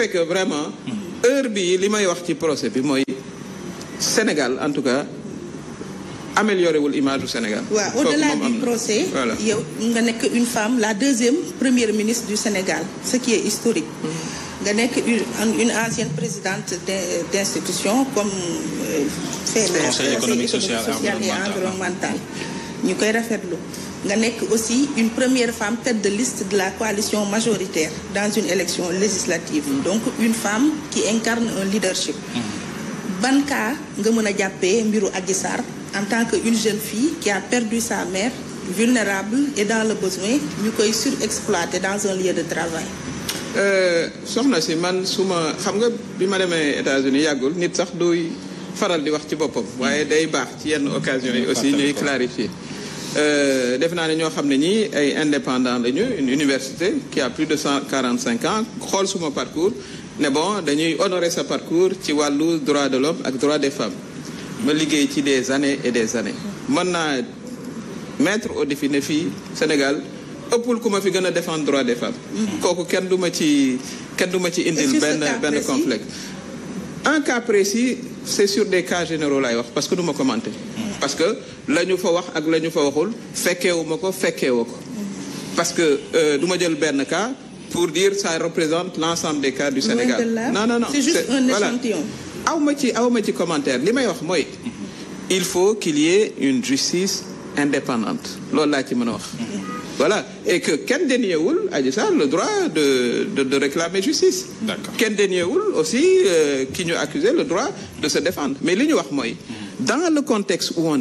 fait que vraiment heure bii li may wax ci procès bi mooy Sénégal en tout cas amélioré wul image du Sénégal. waaw au-delà du procès yow nga nekk une femme la deuxième première ministre du Sénégal ce qui est historique. Mm-hmm. nga nekk une une ancienne présidente d'institution comme. fait euh, le conseil économique mm-hmm. ñu koy rafetlu nga nekk aussi une première femme tête de liste de la coalition majoritaire dans une élection législative mm. donc une femme qui incarne un leadership mm. ban cas nga mën a jàppee mbiru Adji en tant que une jeune fii qui a perdu sa mère vulnérable et dans le besoin ñu koy surexploité dans un lieu de travail euh, soxna si man su ma xam nga bi ma demee États-Unis yàggul nit sax duy faral di wax ci boppam mm. waaye day baax ci yenn occasion yi aussi ñuy clarifier Euh, def naa ne ñoo xam ne ñii ay indépendant lañu une université qui a plus de cent quarante cinq ans xool suma parcours ne bon dañuy honorer sa parcours ci wàllu droit de l'homme ak droit des femmes ma liggéey ci des années et des années man naa mettre au défi ne fii Sénégal ëppul ku ma fi gën a défendre droit des femmes kooku kenn du ma ci kenn du ma ci indil benn benn complexe un cas précis c'est sur des cas généraux laay wax parce que du ma commenter parce que la ñu fa wax ak la ñu fa waxul fekkeewu ma ko fekkeewu ko parce que euh, du ma jël benn ka pour dire ça représente l'ensemble des cas du Sénégal non non non c'est juste un échantillon ma ci aw ma ci commentaire li may wax mooy il faut qu'il y ait une justice indépendante loolu laa ci mën a wax voilà et que kenn déniewul Adji sa le droit de de, de réclamer justice d'accord kenn déniewul aussi euh, ki euh, ñu accuser le droit de se défendre mais li ñu wax mooy dans le contexte où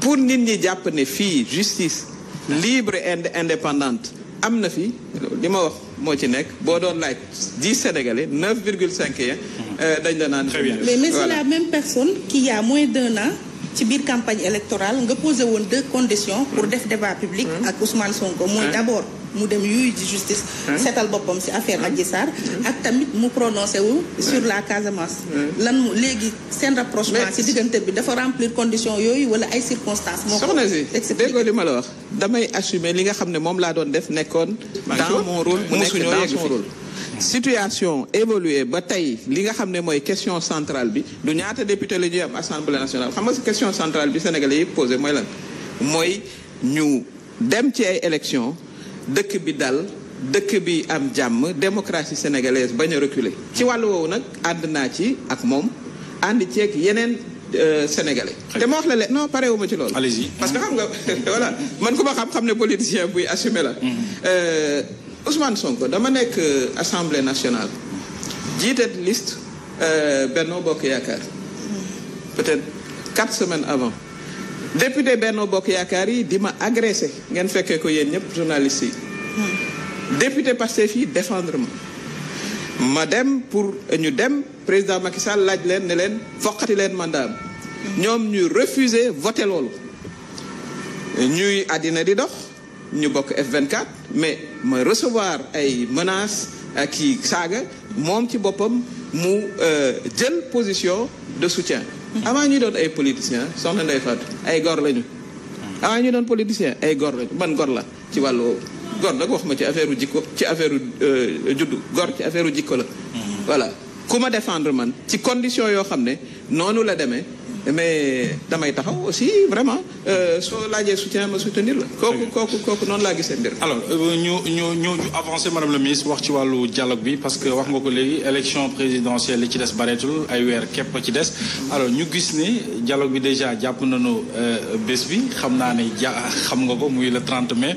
pour nit ñi jàpp ne fii justice libre et indépendante am na fi li ma wax moo ci nekk boo doon laaj dix sénégalais neuf virgule cinq ya euh, dañ la naan mais mais c'est la même personne qui a moins d'un an ci biir campagne électorale nga posé woon deux condition pour def débat public hmm. ak Ousmane Sonko mooy hmm. d'abord mu dem yuy di justice hmm. seetal boppam si affaire Adji Sarr ak tamit mu prononcé wu sur la Casamance lan mu léegi seen rapprochement si diggante bi dafa remplir condition yooyu wala ay circonstances moo soxna si déggoo li ma la wax damay assumer li nga xam ne moom laa doon def nekkoon dans mon rôle mu nekk dans son rôle situation évolué ba tey li nga xam ne mooy question centrale bi du ñaata député la ñu am assemblée nationale xam nga si question centrale bi sénégalais yi posé mooy lan mooy ñu dem ci ay élection dëkk bi dal dëkk bi am jàmm démocratie sénégalaise bañ a reculer ci wàllu woowu nag ànd naa ci ak moom ànd ceeg yeneen euh, sénégalais te ma wax la leen non parewuma ci loolu parce que xam nga voilà man ku ma xam-xam ne politicien buy assumé la mm-hmm. euh, Ousmane Sonko dama nekk euh, assemblée nationale jiite liste euh, Benno Bokk Yaakaar peut-être quatre semaines avant député Benno Bokk Yaakaar yi di ma agressé ngeen fekkee ko yéen ñëpp journaliste yi. Hmm. député Pastef yi défendre ma. ma dem pour euh, ñu dem président Macky Sall laaj leen ne leen foqati leen mandat hmm. ñoom ñu refuser voter lool ñuy àddina di dox. ñu bokk F24 mais mooy recevoir ay menaces ak i saaga moom ci boppam mu euh, jël position de soutien. avant ñuy doon ay politiciens soxna Ndeye Fatou ay gor lañu. avant ñu doon politiciens ay gor lañu man gor la ci wàllu gor nag wax ma ci affaire jikko ci affaire euh, juddu gor ci affaire jikko la. Mm-hmm. voilà ku ma défendre man ci condition yoo xam ne noonu la demee. mais damay taxaw aussi vraiment euh, soo laajee soutien ma soutenir la. kooku kooku noonu laa gisee mbir alors euh, ñu ñu ñu ñu avancé madame la ministre wax ci wàllu dialogue bi parce que wax nga ko léegi élection présidentielle li ci des bareetul ay weer képp ci des. alors ñu gis ne dialogue bi déjà jàpp na nañu euh, bés bi xam naa ne ja xam nga ko muy le 30 mai.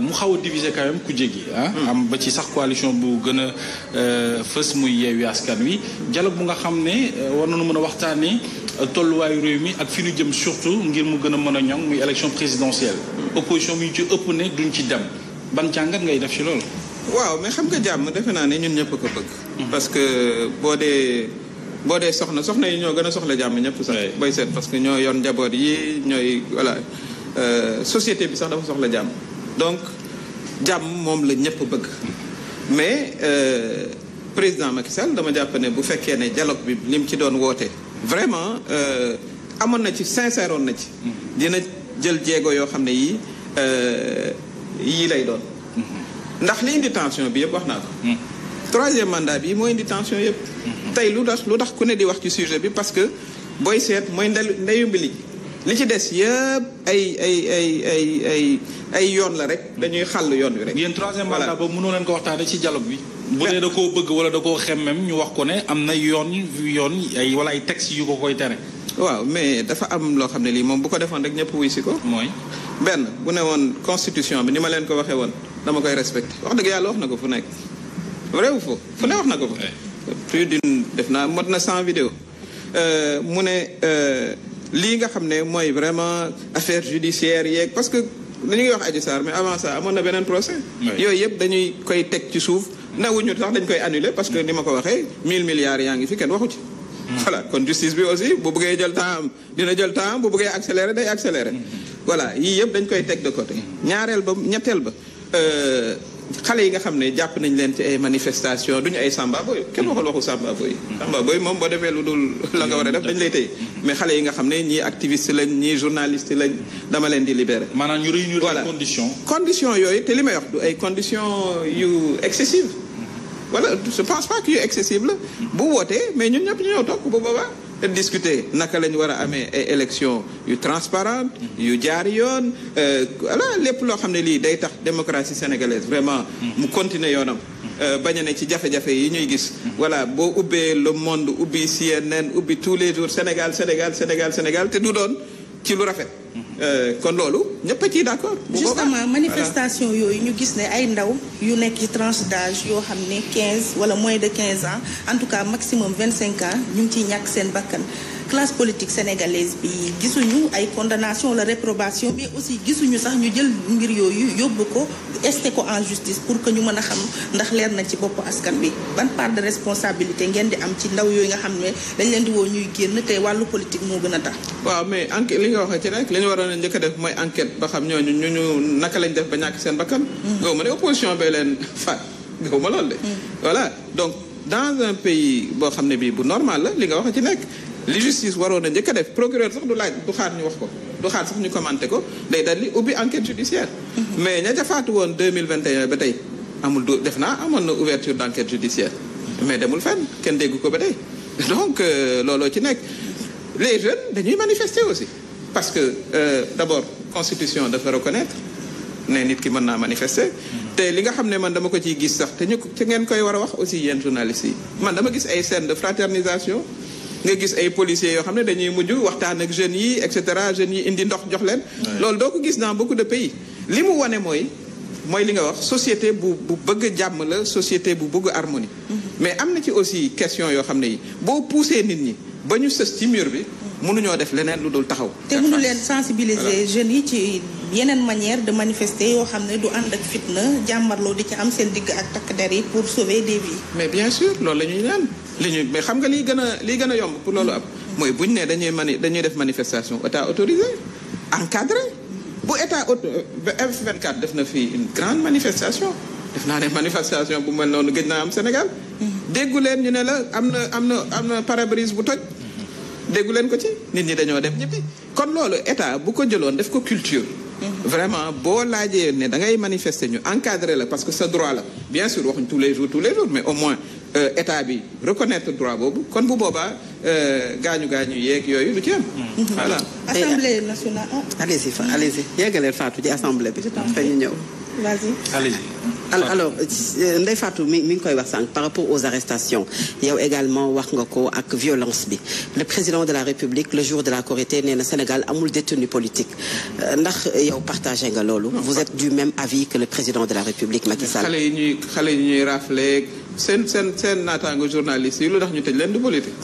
mu xaw a diviser quand même ku jéggi ah. hmm. am ba ci sax coalition bu gën a fës muy yeewi askan wi dialogue bu nga xam ne war nañu mën a waxtaanee. tolluwaayu réew mi ak fi ñu jëm surtout ngir mu gën a mën a ñoŋ muy élection présidentielle. opposition bi ñu ci ëpp ne duñ ci dem ban jàngat ngay def ci loolu. waaw mais xam nga jàmm defe naa ne ñun ñëpp ko bëgg. Mhm. parce que boo dee boo dee soxna soxna yi ñoo gën a soxla jàmm ñëpp sax. booy seet parce que ñoo yoon njaboot yi ñooy voilà euh, société bi sax dafa soxla jàmm. donc jàmm moom la ñëpp bëgg. mais euh, président Macky Sall dama jàpp ne bu fekkee ne dialogue bi lim ci doon wootee vraiment euh, amoon na ci sincère oon na ci. Mm-hmm. dina jël jéego yoo xam ne yii euh, yii lay doon. Mm-hmm. ndax li indi tension bi yëpp wax naa ko. Mm-hmm. troisième mandat bi moo indi tension yëpp. tey lu tax lu tax ku ne di wax ci sujet bi parce que booy seet mooy ndeyu mbi li ci des yëpp ay ay ay ay ay ay yoon la rek dañuy xàll yoon wi rek. yéen troisième mandat boobu mënoo leen ko waxtaanee ci dialogue wi bu dee da koo bëgg wala da koo xemmem ñu wax ko ne am na yoon yoon ay wala ay texte yu ko koy tere. waaw mais dafa am loo xam ne lii moom bu ko defoon rek ñëpp wuy si ko. mooy benn bu ne woon constitution bi ni ma leen ko waxee woon dama koy respecté wax dëgg yàlla wax na ko fu nekk. réew fo fu ne wax na ko fa. plus d'une def naa mot na cent vidéo euh, mu ne euh, lii nga xam ne mooy vraiment affaire judiciaire yeeg parce que dañu ngi wax Adji Sarr mais avant ça amoon na beneen yooyu yëpp dañuy koy teg ci suuf. ñu sax dañ koy annule parce que ni ma ko waxee 1000 milliards yaa ngi fi kenn waxu ci. voilà bi aussi bu bëggee jël temps am dina jël temps am bu bëggee accélérer day accélérer. voilà yëpp dañ koy teg de ñaareel ba ñetteel ba euh, xale yi nga xam ne jàpp nañ leen ci ay manifestation duñu ay Samba Boy kenn waxul waxu Samba Boy. Samba Boy moom boo defee lu dul la nga war a def dañ lay tëye. mais xale yi nga xam ne ñii activiste lañ ñii journaliste lañ dama leen di libérer. maanaam ñu réunir condition yooyu te li may wax du ay condition yu excessive wala je pense pas qu'il est accessible bu wootee mais ñu ñëpp ñu ñëw toog bu boobaa te discuter naka lañu ñu war a amee ay élection yu transparent yu jaar yoon euh, voilà lépp loo xam ne lii day tax démocratie sénégalaise vraiment mu continuer yoonam euh, bañ a ne ci jafe-jafe yi ñuy gis voilà boo ubbee le monde ubbi CNN ubbi tous les jours Sénégal Sénégal Sénégal Sénégal te du doon ci lu rafet Euh, kon loolu ñëpp a ciy d' accord. justement manifestation yooyu ñu gis ne ay ndaw yu nekk ci tranche yoo xam ne 15 wala moins de 15 ans en tout cas maximum 25 ans ñu ngi ciy ñàkk seen bakkan. classe politique sénégalaise bi gisuñu ay condamnation la réprobation mais aussi gisuñu sax ñu jël mbir yooyu yóbbu ko este ko en justice pour que ñu mën a xam ndax leer na ci bopp askan bi ban part de responsabilité ngeen di am ci ndaw yooyu nga xam ne dañ leen di woo ñuy génn te wàllu politique moo gën a tax waaw mais enquête li nga waxee ci rek li ñu waroon a njëkk def mooy enquête ba xam ñooñu ñu ñu naka lañ def ba ñàkk seen bakkan mm. gaw ma ne leen faat gaw ma loolu de mm. donc dans un boo xam ne bii bu normal la li nga wax ci nekk li justice waroon a njëkk def procureur sax du laaj du xaar ñu wax ko du xaar sax ñu commenté ko day dal li ubbi enquête judiciaire mhm. mais ña ca faatu woon 2021 ba tey amul du def naa amoon na ouverture d' enquête judiciaire mais demul fenn kenn dégg ko ba tey donc euh, looloo ci nekk les jeunes dañuy manifester aussi parce que euh, d' abord constitution dafa reconnaître ne nit ki mën naa manifester te li nga xam ne man dama ko ciy gis sax te ñu ci ngeen koy war a wax aussi yéen journalistes man dama gis ay scènes de fraternisation nga gis ay policiers yoo xam ne dañuy mujj waxtaan ak jeunes yi et cetera jeunes yi indi ndox jox leen. loolu doo ko gis naa beaucoup de pays. li mu wane mooy mooy li nga wax société bu bu bëgg jàmm la société bu bëgg harmonie. Mm-hmm. mais am na ci aussi question yoo xam ne yi boo poussé nit ñi ba ñu sës ci mur bi. mënuñoo def leneen lu dul taxaw. te mënu leen sensibiliser jeunes yi ci yeneen manière de manifester yoo xam ne du ànd ak fitna jàmmarloo di ci am seen digg ak takk der yi pour sauver des vies. mais bien sûr loolu la ñuy ñaan li ñuy mais xam nga liy gën a liy gën a yomb pour loolu am mooy bu ñu nee dañuy mani dañuy def manifestation état autorisé encadré bu état F24 def na fii une manifestation def naa ne manifestation bu mel noonu gëj naa am Sénégal déggu leen ñu ne la am na am na am na pare bu toj déggu leen ko ci nit ñi dañoo dem ñibbi kon loolu état bu ko jëloon def ko culture vraiment boo laajee ne da ngay manifester ñu encadré la parce que sa droit la bien sûr waxuñ tous les jours tous les jours mais au moins Euh, état bi reconnaître droit boobu kon bu boobaa euh, gaañu gaañu yeeg yooyu du ci am. Hmm. voilà. assemblée nationale. allez-y fa allez-y yeggaleel Fatou ci assemblée bi. je t'en prie ñëw. vas-y allez alors euh, Ndeye Fatou mi mi ngi koy wax sànq par rapport aux arrestations yow également wax nga ko ak violence bi le président de la république le jour de la Korité nee na Sénégal amul détenu politique euh, ndax yow partagé nga loolu. vous êtes du même avis que le président de la république Macky Sall. xale yi ñuy xale yi seen seen seen naataango journaliste yi lu tax ñu tëj leen du politique.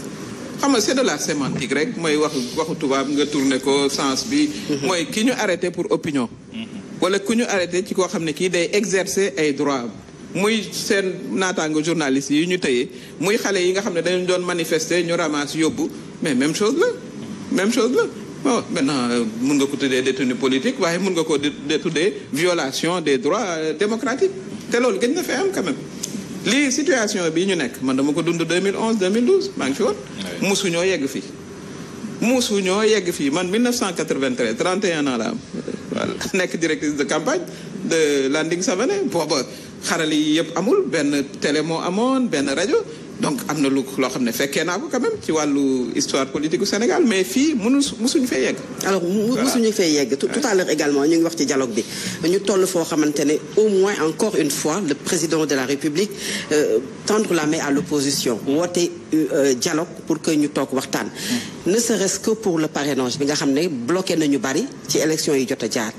xam nga c'est de la sémantique rek mooy wax waxu tubaab nga tourné ko sens bi. Mhm. mooy ki ñu arrêté pour opinion. Mhm. wala ku ñu arrêté ci koo xam ne kii day exercer ay droit muy seen naataango journaliste yi ñu tëye muy xale yi nga xam ne dañu doon manifester ñu ramasse yóbbu mais même chose la même chose la bon maintenant euh, mun nga ko tuddee détenu politique waaye mun nga ko tuddee violation des droits euh, démocratiques te loolu gën na fee am quand même lii situation bi ñu nekk man dama ko dund 2011 2012 maa ngi fi woon musuñoo yegg fii ñoo yegg fii man 1993 31 ans la am nekk directrice de campagne de Landing Savané booba xarale yi yëpp amul benn télé moo amoon benn rajo donc am na lu loo xam ne fekkee naa ko quand ci wàllu histoire politique gu Sénégal mais fii mënu musuñu fee yegg. alors musuñu fee yegg tout à l'heure également ñu ngi wax ci dialogue bi ñu toll foo xamante ne au moins encore une fois le président de la République euh, tendre la main à l'opposition woote euh, dialogue pour que ñu toog waxtaan. Mm. ne serait que pour le parrainage bi nga xam ne bloqué nañu bari ci élection yi jot a jaar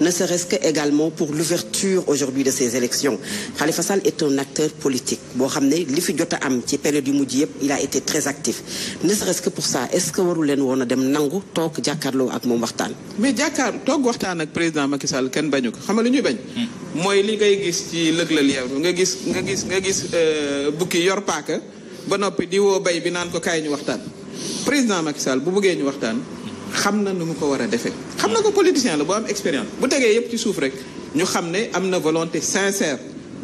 ne serait-ce que également pour l'ouverture aujourd'hui de ces élections Khalifa Sall est un acteur politique boo xam ne li fi jot a am ci période yu mujj yëpp il a été très actif ne serait-ce que pour ça est-ce que waru leen woon a dem nangu toog jàkkaarloo ak moom waxtaan mais jàkkaar toog waxtaan ak président Macky Sall kenn bañu ko xam nga lu ñuy bañ hmm. mooy li ngay gis ci lëglal yow nga gis nga gis nga gis euh, bukki yor paaka ba noppi di woo bay bi naan ko kaay ñu waxtaan président Macky Sall bu bëggee ñu waxtaan xam na nu mu ko war a defee. xam na ko politicien la boo am expérience bu tegee yëpp ci suuf rek ñu xam ne am na volonté sincère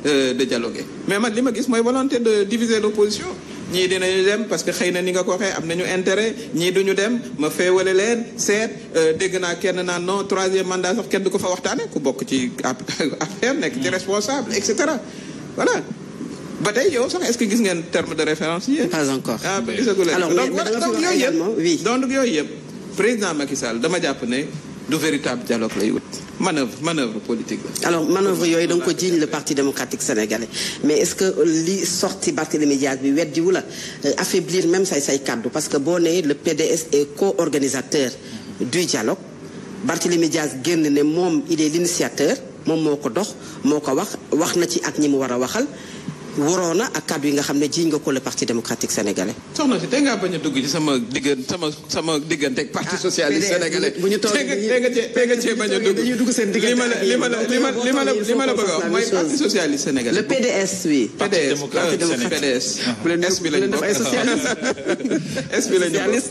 euh, de dialoguer mais man li ma gis mooy volonté de diviser l'opposition ñii dinañu dem parce que xëy na ni nga ko waxee am nañu intérêt ñii du ñu dem ma feewale leen seet euh, dégg naa kenn naan non troisième mandat sax kenn du ko fa waxtaane ku bokk ci affaire nekk ci responsable et cetera voilà ba tey yow sax est-ce que gis ngeen terme de référence yi. pas encore ah gisagu leen. alors mais donc yooyu yëpp donc yooyu yëpp président Macky dama jàpp ne du véritable dialogue lay wut. manœuvre manœuvre politique la. alors manœuvre yooyu da nga ko jiiñ le parti démocratique sénégalais mais est-ce que li sorti Barthélémy Dias bi weddiwu la euh, affaiblir même say say kàddu parce que boo nee le PDS est co-organisateur du dialogue Barthélémy Dias génn ne moom il est l'initiateur moom moo ko dox moo ko wax wax na ci ak ñi mu war a waxal. waroon na ak kàddu yi nga xam ne jiñ nga ko le parti démocratique sénégalais. soxna si tey ngaa bañ a dugg ci sama diggante sama sama diggante ak parti ah, socialiste sénégalais. bu ñu toll dañuy dugg seen diggante ak li ma la bëgg a wax parti socialiste sénégalais. le PDS oui. PDS bu leen S bi ah. lañ bokk S bi lañ bokk.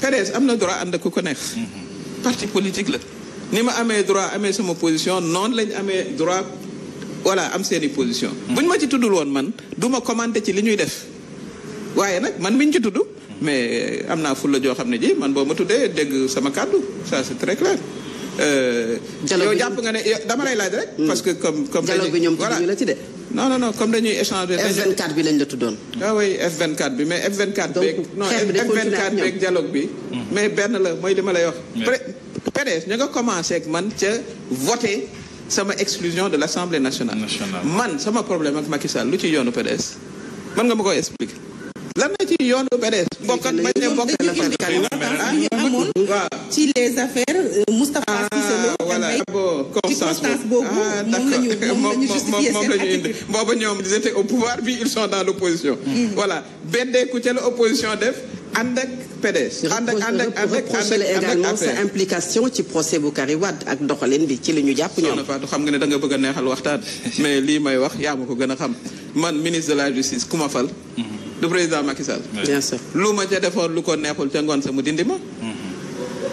PDS am na droit ànd ak ku ko neex. Mm-hmm. parti politique la. ni ma amee droit amee sama position noonu lañ amee droit. voilà am seeni position bu ñu ma ci tuddul woon man duma ma commenté ci li ñuy def waaye nag man miñ ci tudd mais am naa fulla joo xam ne ji man boo ma tuddee dégg sama kàddu ça c'est très clair euh, yow jàpp nga ne dama lay laaj rek hmm. parce que comme comme dialogue bi ñoom ci de non non comme dañuy échanger F24 lañ la tuddoon ah oui F24 bi mais F24 beeg non F24 beeg dialogue bi hmm. mais benn la mooy li lay wax PDS ñu nga commencé ak man ca voté sama exclusion de l'Assemblée nationale. man sama problème ak Macky Sall lu ci yoonu PDS man nga ma koy expliquer. lan la ci yoonu PDS. bokk ak bañ a bokk la ci les affaires euh, Moustapha ah, Cissé Lo. voilà bon constance boobu ah, moom la ñu moom la ñu indi booba ñoom ils étaient au pouvoir bi ils sont dans l'opposition. Mm. voilà benn ku ca la opposition def. ànd ak PDS. ànd ak ànd ak reproché la également sa implication ci procès bu Karim Wade ak doxalin bi ci li ñu jàpp ñoom. Fatou xam nga ne danga bëgga neexal waxtaan mais lii may wax yaa ma ko gën a xam man ministre de la justice ku ma fal. Mhm. du président Macky Sall. lu ma ca defoon lu ko neexul ca ngoon sa mu dindi ma.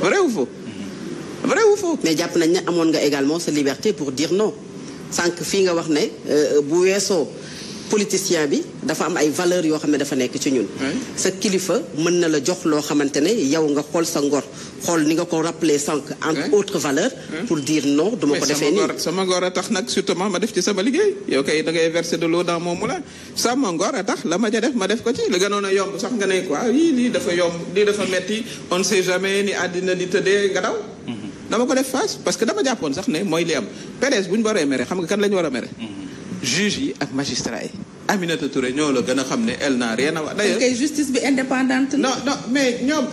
vrai ou faux. Mhm. vrai ou faux. mais jàpp nañ ne amoon nga également sa liberté pour dire non sànq fii nga wax ne euh, bu weesoo. politicien bi dafa am ay valeurs yoo xam ne dafa nekk ci ñun. sa kilifa mën na la jox loo xamante ne yow nga xool sa ngor xool ni nga ko rappelé sànq. entre autres valeurs. pour dire no du ma ko defee nii. sama ngor a tax nag surtout ma def ci sama liggéey yow da ngay verser de l'eau dans mon moulin sama la ma def ma def ko ci li gënoon a yomb sax nga ne quoi yii lii dafa yomb lii dafa metti on ne sait ni àddina di tëddee nga daw. Mhm. dama ko def face parce que dama jàppoon sax ne mooy li am PDS bu ñu waree mere xam nga kan la ñu war a mere. Mhm. juge yi ak magistrat yi. Aminata Touré ñoo la gën a xam ne elle n'a rien à voir. bi indépendante non mais ñoom.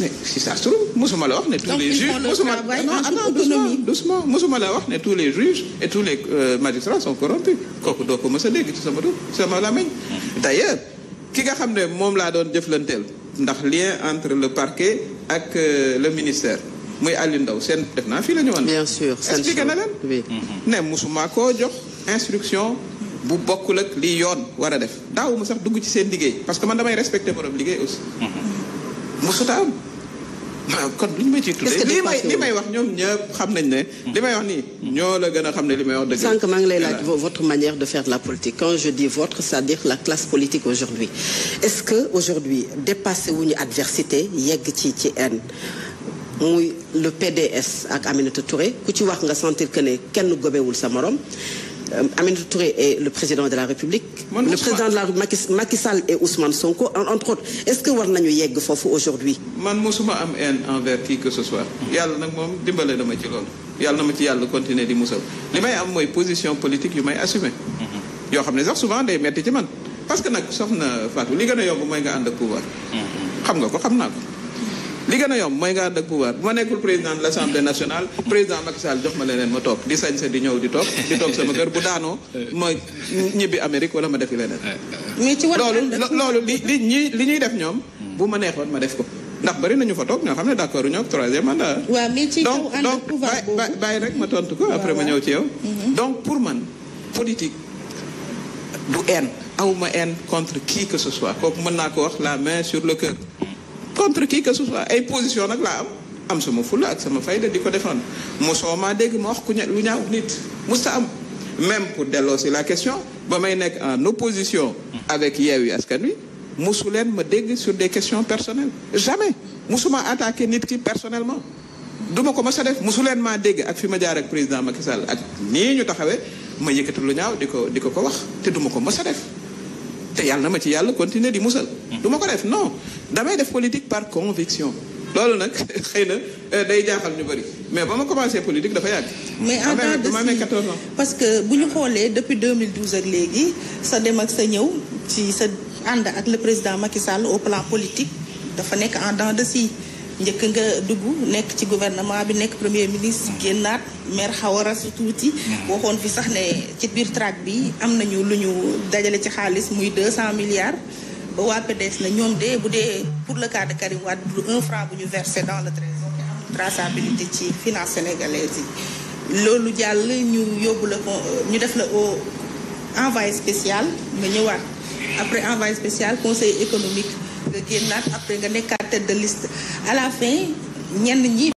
mais si la wax ne. tous les juges musuma non attends ah doucement doucement musuma la wax ne tous les juges et tous les euh, magistrats sont corrompus kooku doo ko mës a dégg ci sama tur sama làmmiñ. d'ailleurs ki nga xam ne moom laa doon jëflanteel ndax lien entre le parquet ak euh, le ministère. muy Alioune ndaw seen def naa fii la ñu woon. bien sûr expliqué na leen. ne musuma koo jox instruction. bu bokkul ak li yoon war a def daawuma sax dugg ci seen liggéey parce que man damay respecté borom liggéey aussi. Mhm. mosuta am. kon lu ñu ma ciy tuddee li may wax ñoom xam nañ ne. li may mhm. ñoo la gën a xam ne li may wax dëgg la. sànq maa ngi lay laaj votre manière de faire de la politique quand je dis votre c'est-à-dire la classe politique aujourd'hui est-ce que aujourd'hui dépassé wuñu adversité yegg ci ci haine. muy le PDS ak Aminata Touré ku ci wax nga sentir que ne kenn gobewul sa morom. Euh, Aminata Touré est le président de la République. le président de la Macky Macky Sall et Ousmane Sonko entre autres est-ce que war nañu yegg foofu aujourd'hui man mosuma am haine envers qui que ce soit. yàlla nag moom dimbale na ma ci loolu. yàlla na ma ci yàlla continuer di musal li may am mooy position politique yu may assumer. Mhm. yoo xam ne sax souvent day metti ci man parce que nag soxna Fatou li gën a yomb mooy nga ànd ak pouvoir. Mhm. xam nga ko xam naa li gën a yomb mooy nga ànd ak pouvoir bu ma nekkul président de l' assemblée nationale président Macky Sall jox ma leneen ma toog di sañ sa di ñëw di toog di toog sama kër bu daanoo ma ñibbi Amérique wala ma defi leneen. loolu loolu li li ñuy li ñuy def ñoom. bu ma neexoon ma def ko. ndax bari nañu fa toog ñoo xam ne d'accord ñoo troisième mandat. man mais ci kaw ànd ak pouvoir boobu donc bàyyi rek ma tontu ko après ma ñëw ci yow. Mhm. donc pour man politique du haine. awma haine contre qui que ce soit kooku mën naa ko wax la main sur le cœur. contre qui que ce soit ay position nag laa am am sama fulla ak sama fayda di ko défendre mosoo maa dégg ma wax ku ña lu ñaaw nit musta am même pour delloo si la question ba may nekk en opposition avec yi Askan Wi mosu leen ma dégg su des questions personnelles jamais mosuma attaqué nit ki personnellement du ma ko mas a def mosu leen maa dégg ak fi ma jaar ak président Macky Sall ak nii ñu taxawee ma yëkkati lu ñaaw di ko di ko ko wax te duma ko mas a def te yàlla na ma ci yàlla continuer di musal mm. du ma ko def non damay def politique par conviction loolu nag xëy na euh, day jaaxal ñu bëri mais ba ma commencé politique dafa yàgg. mais en tant que amee 14 ans. parce que bu ñu xoolee depuis 2012 ak léegi sa dem ak sa ñëw ci sa ànd ak le président Macky Sall au plan politique dafa nekk en dents de scie njëkk nga dugg nekk ci gouvernement bi nekk premier ministre génnaat maire xaw a rasu tuuti waxoon fi sax ne ci biir track bi am nañu lu ñu dajale ci xaalis muy 200 milliards. ba waa PDS na ñoom de bu dee pour le cas de Karim Wade bu un franc bu ñu versé dans le trésor amul ci finance sénégalaise yi loolu jàll ñu yóbbu la ko ñu def la au envoyé spécial nga ñëwaat après envoyé spécial conseil économique nga génnaat après nga nekkaat tête de liste à la fin ñenn ñi